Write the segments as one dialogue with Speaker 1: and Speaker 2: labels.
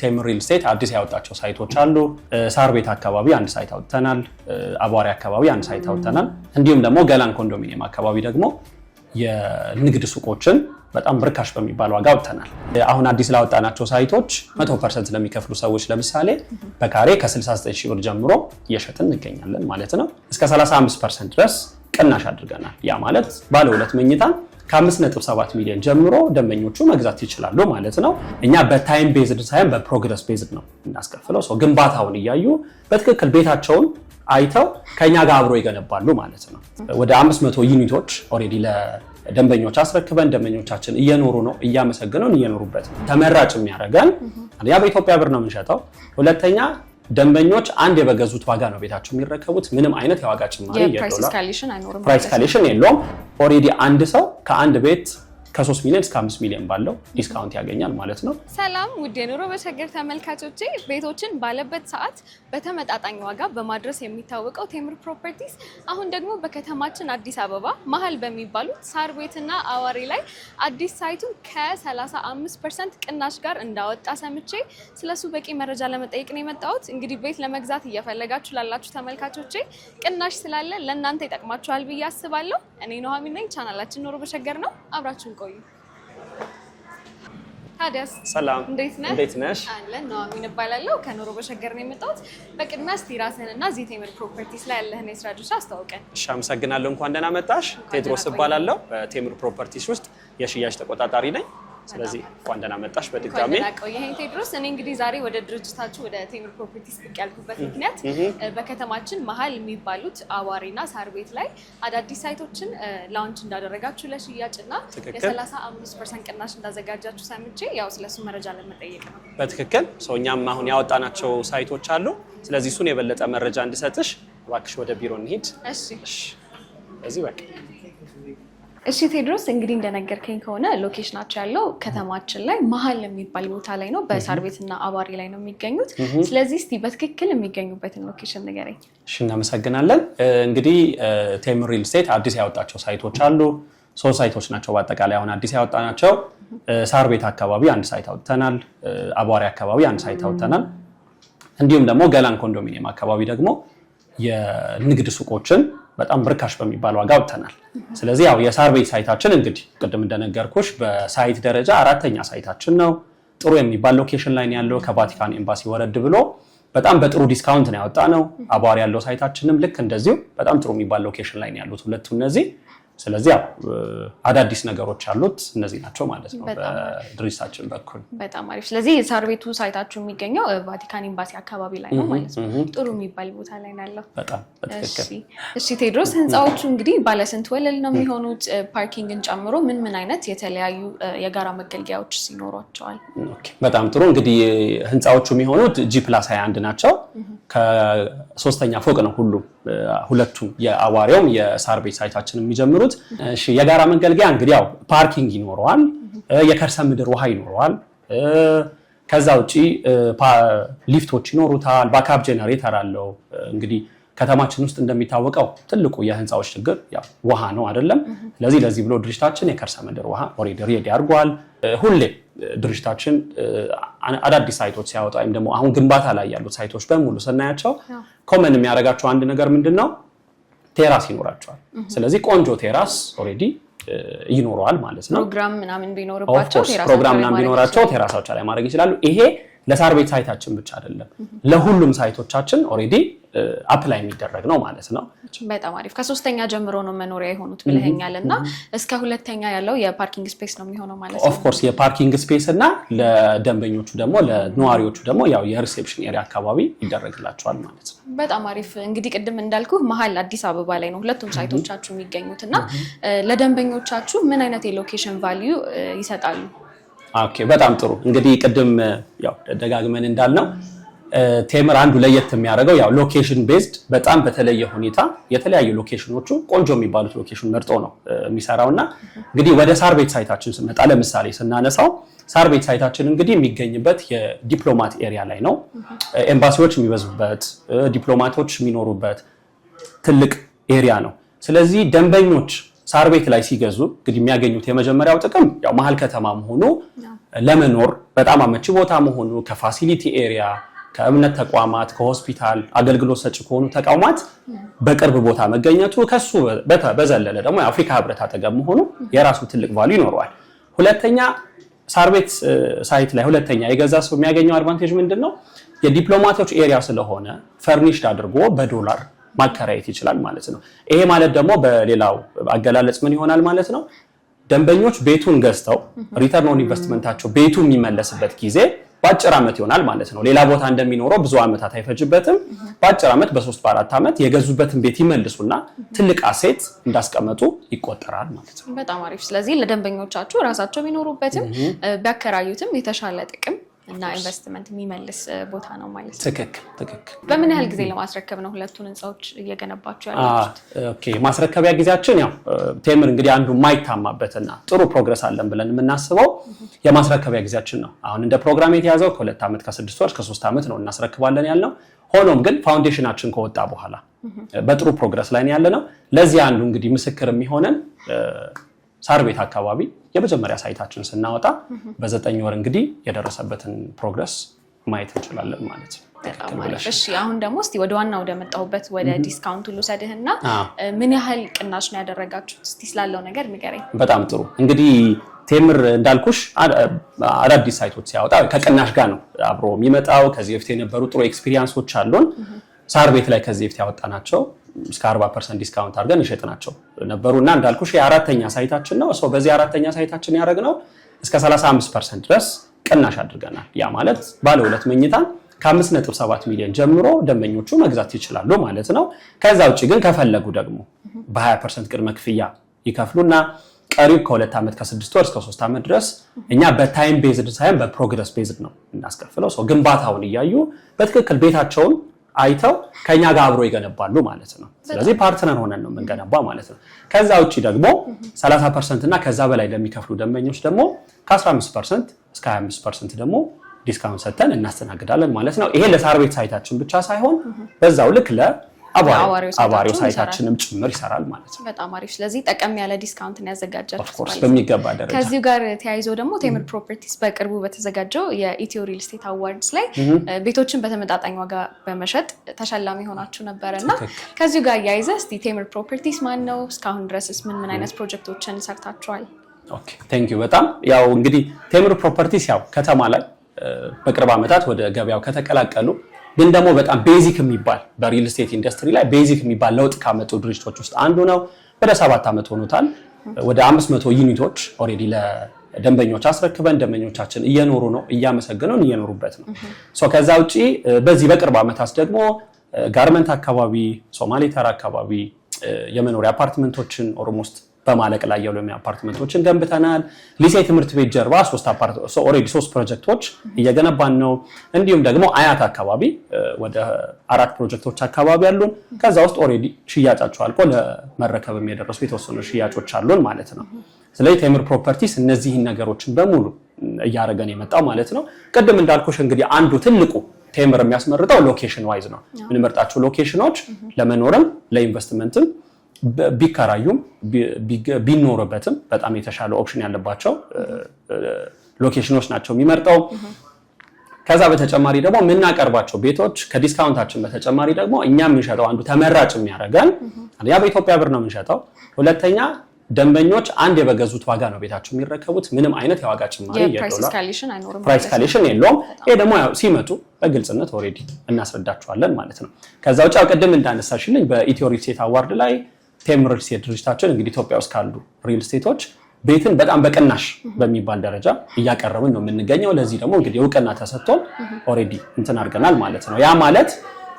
Speaker 1: ቴም ሪል ስቴት አዲስ ያወጣቸው ሳይቶች አሉ። ሳር ቤት አካባቢ አንድ ሳይት አውጥተናል። አቧሪ አካባቢ አንድ ሳይት አውጥተናል። እንዲሁም ደግሞ ገላን ኮንዶሚኒየም አካባቢ ደግሞ የንግድ ሱቆችን በጣም ብርካሽ በሚባል ዋጋ አውጥተናል። አሁን አዲስ ላወጣናቸው ሳይቶች 100 ፐርሰንት ለሚከፍሉ ሰዎች ለምሳሌ በካሬ ከ69 ሺህ ብር ጀምሮ እየሸጥን እንገኛለን ማለት ነው። እስከ 35 ፐርሰንት ድረስ ቅናሽ አድርገናል። ያ ማለት ባለ ሁለት መኝታ ከ5.7 ሚሊዮን ጀምሮ ደንበኞቹ መግዛት ይችላሉ ማለት ነው። እኛ በታይም ቤዝድ ሳይሆን በፕሮግረስ ቤዝድ ነው እናስከፍለው። ሰው ግንባታውን እያዩ በትክክል ቤታቸውን አይተው ከኛ ጋር አብሮ ይገነባሉ ማለት ነው። ወደ 500 ዩኒቶች ኦልሬዲ ለደንበኞች አስረክበን ደንበኞቻችን እየኖሩ ነው፣ እያመሰግነውን እየኖሩበት ነው። ተመራጭ የሚያደርገን አንደኛ በኢትዮጵያ ብር ነው የምንሸጠው፣ ሁለተኛ ደንበኞች አንድ የበገዙት ዋጋ ነው ቤታቸው የሚረከቡት። ምንም አይነት የዋጋ ጭማሪ ፕራይስ ካሌሽን የለውም። ኦልሬዲ አንድ ሰው ከአንድ ቤት ከ3 ሚሊዮን እስከ 5 ሚሊዮን ባለው ዲስካውንት ያገኛል ማለት ነው።
Speaker 2: ሰላም ውድ የኑሮ በሸገር ተመልካቾቼ፣ ቤቶችን ባለበት ሰዓት በተመጣጣኝ ዋጋ በማድረስ የሚታወቀው ቴምር ፕሮፐርቲስ አሁን ደግሞ በከተማችን አዲስ አበባ መሀል በሚባሉት ሳር ቤትና አዋሪ ላይ አዲስ ሳይቱን ከ35 ፐርሰንት ቅናሽ ጋር እንዳወጣ ሰምቼ ስለሱ በቂ መረጃ ለመጠየቅ ነው የመጣሁት። እንግዲህ ቤት ለመግዛት እየፈለጋችሁ ላላችሁ ተመልካቾቼ ቅናሽ ስላለ ለእናንተ ይጠቅማችኋል ብዬ አስባለሁ። እኔ ኑሃሚን ነኝ። ቻናላችን ኖሮ በሸገር ነው። አብራችሁን ቆዩ። ታዲያስ ሰላም፣ እንዴት ነህ? እንዴት ነሽ? አለን። ኑሃሚን እባላለሁ ከኖሮ በሸገር ነው የመጣሁት። በቅድሚያ እስቲ ራስህን እና እዚህ ቴምር ፕሮፐርቲስ ላይ ያለህን የስራ ድርሻ አስተዋውቀን።
Speaker 1: እሺ፣ አመሰግናለሁ። እንኳን ደህና መጣሽ። ቴድሮስ እባላለሁ። በቴምር ፕሮፐርቲስ ውስጥ የሽያጭ ተቆጣጣሪ ነኝ። ስለዚህ እንኳን ደህና መጣሽ በድጋሚ።
Speaker 2: ይሄ ቴድሮስ፣ እኔ እንግዲህ ዛሬ ወደ ድርጅታችሁ ወደ ቴምር ፕሮፐርቲስ ብቅ ያልኩበት ምክንያት በከተማችን መሀል የሚባሉት አዋሪና ሳር ቤት ላይ አዳዲስ ሳይቶችን ላውንች እንዳደረጋችሁ ለሽያጭ እና የሰላሳ አምስት ፐርሰንት ቅናሽ እንዳዘጋጃችሁ ሰምቼ ያው ስለሱ መረጃ ለመጠየቅ ነው።
Speaker 1: በትክክል ሰው እኛም አሁን ያወጣናቸው ሳይቶች አሉ። ስለዚህ እሱን የበለጠ መረጃ እንድሰጥሽ እባክሽ ወደ ቢሮ እንሂድ። እሺ፣ እሺ። በቃ
Speaker 2: እሺ ቴድሮስ እንግዲህ እንደነገርከኝ ከሆነ ሎኬሽናቸው ያለው ከተማችን ላይ መሀል የሚባል ቦታ ላይ ነው፣ በሳር ቤትና አባሪ ላይ ነው የሚገኙት። ስለዚህ እስቲ በትክክል የሚገኙበትን ሎኬሽን ንገረኝ።
Speaker 1: እሺ እናመሰግናለን። እንግዲህ ቴም ሪል ስቴት አዲስ ያወጣቸው ሳይቶች አሉ። ሶስት ሳይቶች ናቸው በአጠቃላይ አሁን አዲስ ናቸው ሳር ቤት አካባቢ አንድ ሳይት አውጥተናል። አቧሪ አካባቢ አንድ ሳይት አውጥተናል። እንዲሁም ደግሞ ገላን ኮንዶሚኒየም አካባቢ ደግሞ የንግድ ሱቆችን በጣም ብርካሽ በሚባል ዋጋ አውጥተናል። ስለዚህ ያው የሳር ቤት ሳይታችን እንግዲህ ቅድም እንደነገርኩሽ በሳይት ደረጃ አራተኛ ሳይታችን ነው። ጥሩ የሚባል ሎኬሽን ላይ ያለው። ከቫቲካን ኤምባሲ ወረድ ብሎ በጣም በጥሩ ዲስካውንት ነው ያወጣ ነው። አቧር ያለው ሳይታችንም ልክ እንደዚሁ በጣም ጥሩ የሚባል ሎኬሽን ላይ ያሉት ሁለቱ እነዚህ ስለዚህ ያው አዳዲስ ነገሮች አሉት እነዚህ ናቸው ማለት ነው በድርጅታችን በኩል
Speaker 2: በጣም አሪፍ ስለዚህ ሳር ቤቱ ሳይታችሁ የሚገኘው ቫቲካን ኤምባሲ አካባቢ ላይ ነው ማለት ነው ጥሩ የሚባል ቦታ ላይ ያለው በጣም በትክክል እሺ ቴድሮስ ህንፃዎቹ እንግዲህ ባለስንት ወለል ነው የሚሆኑት ፓርኪንግን ጨምሮ ምን ምን አይነት የተለያዩ የጋራ መገልገያዎች ሲኖሯቸዋል
Speaker 1: በጣም ጥሩ እንግዲህ ህንፃዎቹ የሚሆኑት ጂ ፕላስ 21 ናቸው ከሶስተኛ ፎቅ ነው ሁሉም ሁለቱም የአዋሪውም የሳር ቤት ሳይታችን የሚጀምሩ የሚሆኑት። የጋራ መገልገያ እንግዲህ ያው ፓርኪንግ ይኖረዋል፣ የከርሰ ምድር ውሃ ይኖረዋል። ከዛ ውጪ ሊፍቶች ይኖሩታል፣ ባካፕ ጀነሬተር አለው። እንግዲህ ከተማችን ውስጥ እንደሚታወቀው ትልቁ የህንፃዎች ችግር ውሃ ነው አይደለም? ስለዚህ ለዚህ ብሎ ድርጅታችን የከርሰ ምድር ውሃ ኦልሬዲ ሬዲ አድርጓል። ሁሌ ድርጅታችን አዳዲስ ሳይቶች ሲያወጣ ወይም ደግሞ አሁን ግንባታ ላይ ያሉት ሳይቶች በሙሉ ስናያቸው ኮመን የሚያደርጋቸው አንድ ነገር ምንድን ነው? ቴራስ ይኖራቸዋል። ስለዚህ ቆንጆ ቴራስ ኦልሬዲ ይኖረዋል ማለት ነው።
Speaker 2: ፕሮግራም ምናምን
Speaker 1: ቢኖራቸው ቴራሳቸው ላይ ማድረግ ይችላሉ። ይሄ ለሳር ቤት ሳይታችን ብቻ አይደለም፣ ለሁሉም ሳይቶቻችን ኦልሬዲ አፕላይ uh, የሚደረግ ነው ማለት ነው።
Speaker 2: በጣም አሪፍ። ከሶስተኛ ጀምሮ ነው መኖሪያ የሆኑት ብለኸኛል እና እስከ ሁለተኛ ያለው የፓርኪንግ ስፔስ ነው የሚሆነው ማለት
Speaker 1: ነው። ኦፍኮርስ የፓርኪንግ ስፔስ እና ለደንበኞቹ ደግሞ ለነዋሪዎቹ ደግሞ ያው የሪሴፕሽን ኤሪያ አካባቢ ይደረግላቸዋል ማለት ነው።
Speaker 2: በጣም አሪፍ። እንግዲህ ቅድም እንዳልኩ መሀል አዲስ አበባ ላይ ነው ሁለቱም ሳይቶቻችሁ የሚገኙት እና ለደንበኞቻችሁ ምን አይነት የሎኬሽን ቫልዩ ይሰጣሉ?
Speaker 1: ኦኬ፣ በጣም ጥሩ። እንግዲህ ቅድም ያው ደጋግመን እንዳልነው ቴምር አንዱ ለየት የሚያደርገው ያው ሎኬሽን ቤዝድ በጣም በተለየ ሁኔታ የተለያዩ ሎኬሽኖቹ ቆንጆ የሚባሉት ሎኬሽን መርጦ ነው የሚሰራው እና እንግዲህ ወደ ሳር ቤት ሳይታችን ስንመጣ ለምሳሌ ስናነሳው ሳር ቤት ሳይታችን እንግዲህ የሚገኝበት የዲፕሎማት ኤሪያ ላይ ነው። ኤምባሲዎች የሚበዙበት፣ ዲፕሎማቶች የሚኖሩበት ትልቅ ኤሪያ ነው። ስለዚህ ደንበኞች ሳር ቤት ላይ ሲገዙ እንግዲህ የሚያገኙት የመጀመሪያው ጥቅም ያው መሀል ከተማ መሆኑ፣ ለመኖር በጣም አመቺ ቦታ መሆኑ ከፋሲሊቲ ኤሪያ ከእምነት ተቋማት ከሆስፒታል አገልግሎት ሰጪ ከሆኑ ተቋማት በቅርብ ቦታ መገኘቱ ከሱ በዘለለ ደግሞ የአፍሪካ ህብረት አጠገብ መሆኑ የራሱ ትልቅ ቫሉ ይኖረዋል። ሁለተኛ ሳር ቤት ሳይት ላይ ሁለተኛ የገዛ ሰው የሚያገኘው አድቫንቴጅ ምንድን ነው? የዲፕሎማቶች ኤሪያ ስለሆነ ፈርኒሽድ አድርጎ በዶላር ማከራየት ይችላል ማለት ነው። ይሄ ማለት ደግሞ በሌላው አገላለጽ ምን ይሆናል ማለት ነው? ደንበኞች ቤቱን ገዝተው ሪተርን ኦን ኢንቨስትመንታቸው ቤቱ የሚመለስበት ጊዜ በአጭር ዓመት ይሆናል ማለት ነው። ሌላ ቦታ እንደሚኖረው ብዙ ዓመታት አይፈጅበትም። በአጭር ዓመት በሶስት በአራት ዓመት የገዙበትን ቤት ይመልሱና ትልቅ አሴት እንዳስቀመጡ ይቆጠራል ማለት
Speaker 2: ነው። በጣም አሪፍ። ስለዚህ ለደንበኞቻችሁ ራሳቸው ቢኖሩበትም ቢያከራዩትም የተሻለ ጥቅም እና ኢንቨስትመንት የሚመልስ ቦታ ነው ማለት ነው።
Speaker 1: ትክክል ትክክል።
Speaker 2: በምን ያህል ጊዜ ለማስረከብ ነው ሁለቱን ህንፃዎች እየገነባቸው ያለ?
Speaker 1: ማስረከቢያ ጊዜያችን ያው ቴምር እንግዲህ አንዱ የማይታማበትና ጥሩ ፕሮግረስ አለን ብለን የምናስበው የማስረከቢያ ጊዜያችን ነው። አሁን እንደ ፕሮግራም የተያዘው ከሁለት ዓመት ከስድስት ወር ከሶስት ዓመት ነው እናስረክባለን ያልነው። ሆኖም ግን ፋውንዴሽናችን ከወጣ በኋላ በጥሩ ፕሮግረስ ላይ ያለ ነው። ለዚህ አንዱ እንግዲህ ምስክር የሚሆነን ሳር ቤት አካባቢ የመጀመሪያ ሳይታችን ስናወጣ በዘጠኝ ወር እንግዲህ የደረሰበትን ፕሮግረስ ማየት እንችላለን ማለት ነው።
Speaker 2: እሺ አሁን ደግሞ እስቲ ወደ ዋና ወደ መጣሁበት ወደ ዲስካውንቱ ልውሰድህ እና ምን ያህል ቅናሽ ነው ያደረጋችሁት? እስቲ ስላለው ነገር ንገረኝ።
Speaker 1: በጣም ጥሩ እንግዲህ ቴምር እንዳልኩሽ አዳዲስ ሳይቶች ሲያወጣ ከቅናሽ ጋር ነው አብሮ የሚመጣው። ከዚህ በፊት የነበሩ ጥሩ ኤክስፒሪያንሶች አሉን። ሳር ቤት ላይ ከዚህ በፊት ያወጣ ናቸው። እስከ 40 ፐርሰንት ዲስካውንት አድርገን እሸጥ ናቸው ነበሩ እና እንዳልኩሽ የአራተኛ ሳይታችን ነው። በዚህ አራተኛ ሳይታችን ያደረግነው እስከ 35 ፐርሰንት ድረስ ቅናሽ አድርገናል። ያ ማለት ባለ ሁለት መኝታ ከ5.7 ሚሊዮን ጀምሮ ደንበኞቹ መግዛት ይችላሉ ማለት ነው። ከዛ ውጭ ግን ከፈለጉ ደግሞ በ20 ፐርሰንት ቅድመ ክፍያ ይከፍሉና ቀሪው ከሁለት ዓመት ከስድስት ወር እስከ ሶስት ዓመት ድረስ እኛ በታይም ቤዝድ ሳይሆን በፕሮግረስ ቤዝድ ነው እናስከፍለው። ግንባታውን እያዩ በትክክል ቤታቸውን አይተው ከኛ ጋር አብሮ ይገነባሉ ማለት ነው። ስለዚህ ፓርትነር ሆነን ነው የምንገነባ ማለት ነው። ከዛ ውጭ ደግሞ 30 ፐርሰንት እና ከዛ በላይ ለሚከፍሉ ደንበኞች ደግሞ ከ15 ፐርሰንት እስከ 25 ፐርሰንት ደግሞ ዲስካውንት ሰጥተን እናስተናግዳለን ማለት ነው። ይሄ ለሳር ቤት ሳይታችን ብቻ ሳይሆን በዛው ልክ ለ አባሪው ሳይታችንም ጭምር ይሰራል ማለት ነው።
Speaker 2: በጣም አሪፍ። ስለዚህ ጠቀም ያለ ዲስካውንት ነው ያዘጋጃል
Speaker 1: በሚገባ ደረጃ።
Speaker 2: ከዚሁ ጋር ተያይዞ ደግሞ ቴምር ፕሮፐርቲስ በቅርቡ በተዘጋጀው የኢትዮ ሪል ስቴት አዋርድስ ላይ ቤቶችን በተመጣጣኝ ዋጋ በመሸጥ ተሸላሚ ሆናችሁ ነበረ እና ከዚሁ ጋር እያይዘ እስቲ ቴምር ፕሮፐርቲስ ማን ነው? እስካሁን ድረስስ ምን ምን አይነት ፕሮጀክቶችን ሰርታችኋል?
Speaker 1: ኦኬ ቴንክ ዩ በጣም ያው እንግዲህ ቴምር ፕሮፐርቲስ ያው ከተማ ላይ በቅርብ ዓመታት ወደ ገበያው ከተቀላቀሉ ግን ደግሞ በጣም ቤዚክ የሚባል በሪል ስቴት ኢንዱስትሪ ላይ ቤዚክ የሚባል ለውጥ ካመጡ ድርጅቶች ውስጥ አንዱ ነው። ወደ ሰባት ዓመት ሆኖታል። ወደ አምስት መቶ ዩኒቶች ኦልሬዲ ደንበኞች አስረክበን ደንበኞቻችን እየኖሩ ነው፣ እያመሰገኑን እየኖሩበት ነው። ከዛ ውጭ በዚህ በቅርብ ዓመታት ደግሞ ጋርመንት አካባቢ፣ ሶማሌ አካባቢ የመኖሪያ አፓርትመንቶችን ኦሮሞ ውስጥ በማለቅ ላይ ያሉ አፓርትመንቶችን ገንብተናል። ሊሴ ትምህርት ቤት ጀርባ ሶስት ፕሮጀክቶች እየገነባን ነው። እንዲሁም ደግሞ አያት አካባቢ ወደ አራት ፕሮጀክቶች አካባቢ አሉን። ከዛ ውስጥ ኦልሬዲ ሽያጫቸው አልቆ ለመረከብ የደረሱ የተወሰኑ ሽያጮች አሉን ማለት ነው። ስለዚህ ቴምር ፕሮፐርቲስ እነዚህን ነገሮችን በሙሉ እያደረገን የመጣው ማለት ነው። ቅድም እንዳልኩሽ እንግዲህ አንዱ ትልቁ ቴምር የሚያስመርጠው ሎኬሽን ዋይዝ ነው። የምንመርጣቸው ሎኬሽኖች ለመኖርም ለኢንቨስትመንትም ቢከራዩም ቢኖርበትም በጣም የተሻለ ኦፕሽን ያለባቸው ሎኬሽኖች ናቸው የሚመርጠው። ከዛ በተጨማሪ ደግሞ የምናቀርባቸው ቤቶች ከዲስካውንታችን በተጨማሪ ደግሞ እኛ የምንሸጠው አንዱ ተመራጭ የሚያደርገን አንደኛ በኢትዮጵያ ብር ነው የምንሸጠው፣ ሁለተኛ ደንበኞች አንድ የበገዙት ዋጋ ነው ቤታቸው የሚረከቡት። ምንም አይነት የዋጋ ጭማሪ ፕራይስ ካሌሽን የለውም። ይሄ ደግሞ ሲመጡ በግልጽነት ኦልሬዲ እናስረዳችኋለን ማለት ነው። ከዛ ውጭ ቅድም እንዳነሳሽልኝ በኢትዮ ሪል ስቴት አዋርድ ላይ ቴም ሪል ስቴት ድርጅታችን እንግዲህ ኢትዮጵያ ውስጥ ካሉ ሪል ስቴቶች ቤትን በጣም በቅናሽ በሚባል ደረጃ እያቀረብን ነው የምንገኘው። ለዚህ ደግሞ እንግዲህ እውቅና ተሰጥቶን ኦልሬዲ እንትን አድርገናል ማለት ነው። ያ ማለት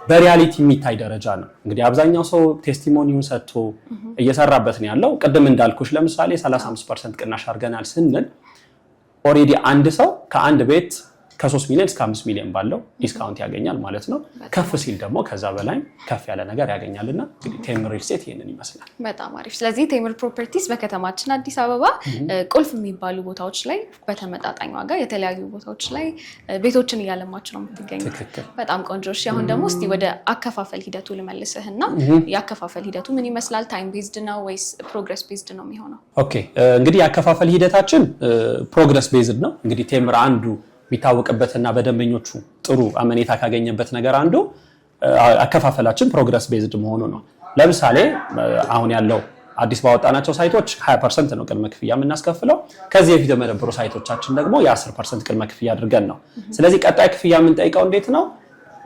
Speaker 1: በሪያሊቲ የሚታይ ደረጃ ነው። እንግዲህ አብዛኛው ሰው ቴስቲሞኒውን ሰጥቶ እየሰራበት ነው ያለው። ቅድም እንዳልኩሽ ለምሳሌ 35 ፐርሰንት ቅናሽ አድርገናል ስንል ኦልሬዲ አንድ ሰው ከአንድ ቤት ከሶስት ሚሊዮን እስከ አምስት ሚሊዮን ባለው ዲስካውንት ያገኛል ማለት ነው። ከፍ ሲል ደግሞ ከዛ በላይ ከፍ ያለ ነገር ያገኛልና እንግዲህ ቴምር ሪል ስቴት ይህንን ይመስላል።
Speaker 2: በጣም አሪፍ። ስለዚህ ቴምር ፕሮፐርቲስ በከተማችን አዲስ አበባ ቁልፍ የሚባሉ ቦታዎች ላይ በተመጣጣኝ ዋጋ የተለያዩ ቦታዎች ላይ ቤቶችን እያለማች ነው የምትገኙ። በጣም ቆንጆ። አሁን ደግሞ እስኪ ወደ አከፋፈል ሂደቱ ልመልስህ እና የአከፋፈል ሂደቱ ምን ይመስላል? ታይም ቤዝድ ነው ወይስ ፕሮግረስ ቤዝድ ነው የሚሆነው?
Speaker 1: ኦኬ እንግዲህ የአከፋፈል ሂደታችን ፕሮግረስ ቤዝድ ነው። እንግዲህ ቴምር አንዱ የሚታወቅበትና በደንበኞቹ ጥሩ አመኔታ ካገኘበት ነገር አንዱ አከፋፈላችን ፕሮግረስ ቤዝድ መሆኑ ነው። ለምሳሌ አሁን ያለው አዲስ ባወጣናቸው ሳይቶች 20 ፐርሰንት ነው ቅድመ ክፍያ የምናስከፍለው። ከዚህ በፊት በነበሩ ሳይቶቻችን ደግሞ የ10 ፐርሰንት ቅድመ ክፍያ አድርገን ነው። ስለዚህ ቀጣይ ክፍያ የምንጠይቀው እንዴት ነው?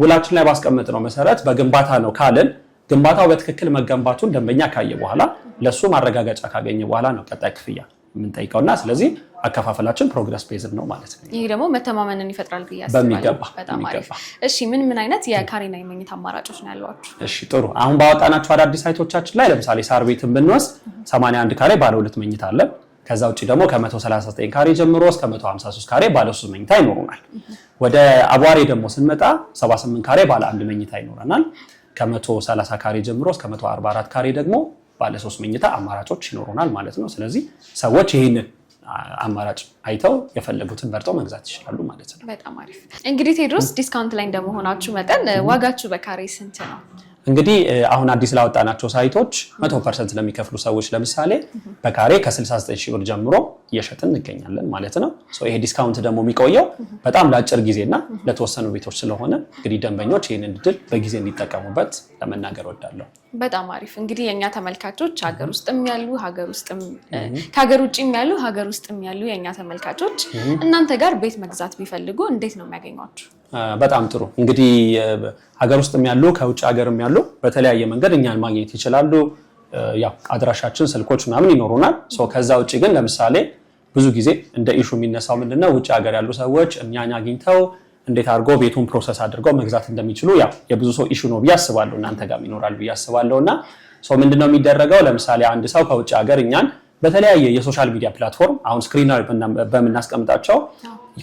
Speaker 1: ውላችን ላይ ባስቀመጥ ነው መሰረት በግንባታ ነው ካልን ግንባታው በትክክል መገንባቱን ደንበኛ ካየ በኋላ ለእሱ ማረጋገጫ ካገኘ በኋላ ነው ቀጣይ ክፍያ የምንጠይቀው እና ስለዚህ አከፋፈላችን ፕሮግረስ ቤዝድ ነው ማለት ነው።
Speaker 2: ይህ ደግሞ መተማመንን ይፈጥራል ብዬ አስባለሁ። በጣም አሪፍ። እሺ ምን ምን አይነት የካሬና የመኝታ አማራጮች ነው ያሏችሁ?
Speaker 1: እሺ ጥሩ። አሁን ባወጣናቸው አዳዲስ ሳይቶቻችን ላይ ለምሳሌ ሳር ቤትን ብንወስድ 81 ካሬ ባለ ሁለት መኝታ አለን። ከዛ ውጭ ደግሞ ከ139 ካሬ ጀምሮ እስከ 153 ካሬ ባለ ሶስት መኝታ ይኖሩናል። ወደ አቧሬ ደግሞ ስንመጣ 78 ካሬ ባለ አንድ መኝታ ይኖረናል። ከ130 ካሬ ጀምሮ እስከ 144 ካሬ ደግሞ ባለሶስት መኝታ አማራጮች ይኖሩናል ማለት ነው። ስለዚህ ሰዎች ይህንን አማራጭ አይተው የፈለጉትን መርጠው መግዛት ይችላሉ ማለት ነው።
Speaker 2: በጣም አሪፍ። እንግዲህ ቴድሮስ ዲስካውንት ላይ እንደመሆናችሁ መጠን ዋጋችሁ በካሬ ስንት ነው?
Speaker 1: እንግዲህ አሁን አዲስ ላወጣናቸው ሳይቶች መቶ ፐርሰንት ለሚከፍሉ ሰዎች ለምሳሌ በካሬ ከ69 ሺህ ብር ጀምሮ እየሸጥን እንገኛለን ማለት ነው። ይሄ ዲስካውንት ደግሞ የሚቆየው በጣም ለአጭር ጊዜና ለተወሰኑ ቤቶች ስለሆነ እንግዲህ ደንበኞች ይህንን እድል በጊዜ እንዲጠቀሙበት ለመናገር ወዳለሁ።
Speaker 2: በጣም አሪፍ እንግዲህ የእኛ ተመልካቾች ሀገር ውስጥም ያሉ ሀገር ውስጥም ከሀገር ውጭም ያሉ ሀገር ውስጥም ያሉ የእኛ ተመልካቾች እናንተ ጋር ቤት መግዛት ቢፈልጉ እንዴት ነው የሚያገኟቸው?
Speaker 1: በጣም ጥሩ እንግዲህ ሀገር ውስጥም ያሉ ከውጭ ሀገርም ያሉ በተለያየ መንገድ እኛን ማግኘት ይችላሉ። ያው አድራሻችን፣ ስልኮች ምናምን ይኖሩናል። ከዛ ውጭ ግን ለምሳሌ ብዙ ጊዜ እንደ ኢሹ የሚነሳው ምንድነው ውጭ ሀገር ያሉ ሰዎች እኛን አግኝተው እንዴት አድርገው ቤቱን ፕሮሰስ አድርገው መግዛት እንደሚችሉ ያው የብዙ ሰው ኢሹ ነው ብዬ አስባለሁ። እናንተ ጋር ይኖራል ብዬ አስባለሁ። እና ምንድነው የሚደረገው ለምሳሌ አንድ ሰው ከውጭ ሀገር እኛን በተለያየ የሶሻል ሚዲያ ፕላትፎርም አሁን ስክሪን በምናስቀምጣቸው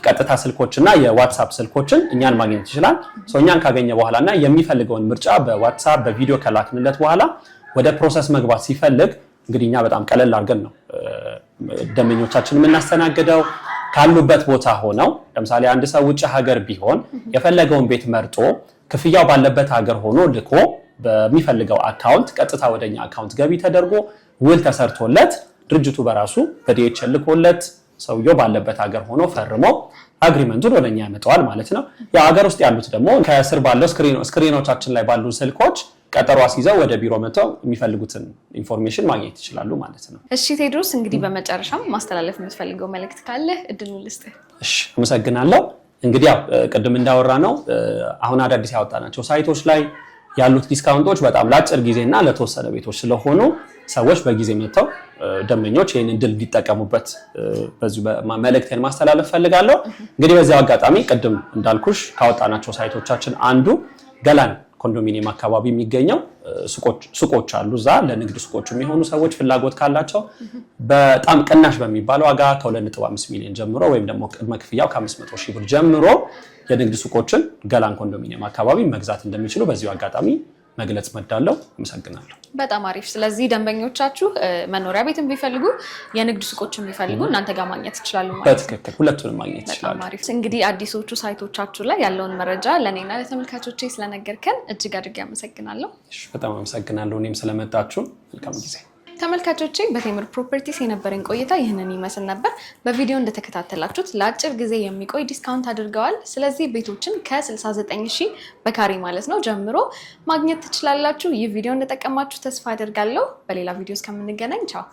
Speaker 1: ቀጥታ ስልኮች እና የዋትሳፕ ስልኮችን እኛን ማግኘት ይችላል። እኛን ካገኘ በኋላ እና የሚፈልገውን ምርጫ በዋትሳፕ በቪዲዮ ከላክንለት በኋላ ወደ ፕሮሰስ መግባት ሲፈልግ እንግዲህ እኛ በጣም ቀለል አድርገን ነው ደመኞቻችን የምናስተናግደው። ካሉበት ቦታ ሆነው ለምሳሌ አንድ ሰው ውጭ ሀገር ቢሆን የፈለገውን ቤት መርጦ ክፍያው ባለበት ሀገር ሆኖ ልኮ በሚፈልገው አካውንት ቀጥታ ወደኛ አካውንት ገቢ ተደርጎ ውል ተሰርቶለት ድርጅቱ በራሱ በዲኤችኤል ልኮለት ሰውየው ባለበት ሀገር ሆኖ ፈርሞ አግሪመንቱን ወደ እኛ ያመጣዋል ማለት ነው። ያው ሀገር ውስጥ ያሉት ደግሞ ከስር ባለው ስክሪኖቻችን ላይ ባሉ ስልኮች ቀጠሮ አስይዘው ወደ ቢሮ መጥተው የሚፈልጉትን ኢንፎርሜሽን ማግኘት ይችላሉ ማለት ነው።
Speaker 2: እሺ ቴድሮስ፣ እንግዲህ በመጨረሻም ማስተላለፍ የምትፈልገው መልእክት ካለ እድሉን ልስጥህ።
Speaker 1: እሺ፣ አመሰግናለሁ። እንግዲህ ያው ቅድም እንዳወራ ነው አሁን አዳዲስ ያወጣናቸው ሳይቶች ላይ ያሉት ዲስካውንቶች በጣም ለአጭር ጊዜና ለተወሰነ ቤቶች ስለሆኑ ሰዎች በጊዜ መጥተው ደንበኞች ይህን እድል እንዲጠቀሙበት በዚሁ መልእክቴን ማስተላለፍ ፈልጋለሁ። እንግዲህ በዚያው አጋጣሚ ቅድም እንዳልኩሽ ካወጣናቸው ሳይቶቻችን አንዱ ገላን ኮንዶሚኒየም አካባቢ የሚገኘው ሱቆች አሉ። እዛ ለንግድ ሱቆች የሚሆኑ ሰዎች ፍላጎት ካላቸው በጣም ቅናሽ በሚባል ዋጋ ከ2.5 ሚሊዮን ጀምሮ ወይም ደግሞ ቅድመ ክፍያው ከ500 ሺህ ብር ጀምሮ የንግድ ሱቆችን ገላን ኮንዶሚኒየም አካባቢ መግዛት እንደሚችሉ በዚሁ አጋጣሚ መግለጽ መዳለው። አመሰግናለሁ።
Speaker 2: በጣም አሪፍ። ስለዚህ ደንበኞቻችሁ መኖሪያ ቤት ቢፈልጉ፣ የንግድ ሱቆችን ቢፈልጉ እናንተ ጋር ማግኘት ይችላሉ
Speaker 1: በትክክል ሁለቱንም ማግኘት ይችላሉ።
Speaker 2: እንግዲህ አዲሶቹ ሳይቶቻችሁ ላይ ያለውን መረጃ ለእኔና ለተመልካቾቼ ስለነገርከን እጅግ አድርጌ አመሰግናለሁ።
Speaker 1: በጣም አመሰግናለሁ። እኔም ስለመጣችሁ መልካም ጊዜ
Speaker 2: ተመልካቾቼ በቴምር ፕሮፐርቲስ የነበረን ቆይታ ይህንን ይመስል ነበር። በቪዲዮ እንደተከታተላችሁት ለአጭር ጊዜ የሚቆይ ዲስካውንት አድርገዋል። ስለዚህ ቤቶችን ከ69 ሺህ በካሬ ማለት ነው ጀምሮ ማግኘት ትችላላችሁ። ይህ ቪዲዮ እንደጠቀማችሁ ተስፋ አደርጋለሁ። በሌላ ቪዲዮ እስከምንገናኝ ቻው።